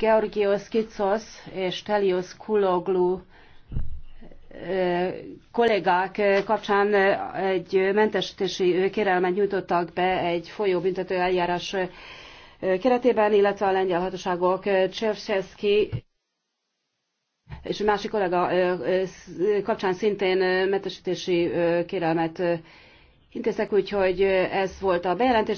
Georgios Kicos és Telios Kuloglu kollégák kapcsán egy mentesítési kérelmet nyújtottak be egy folyóbüntető eljárás keretében, illetve a lengyel hatóságok Csevseszki és egy másik kollega kapcsán szintén mentesítési kérelmet intéztek, úgyhogy ez volt a bejelentés.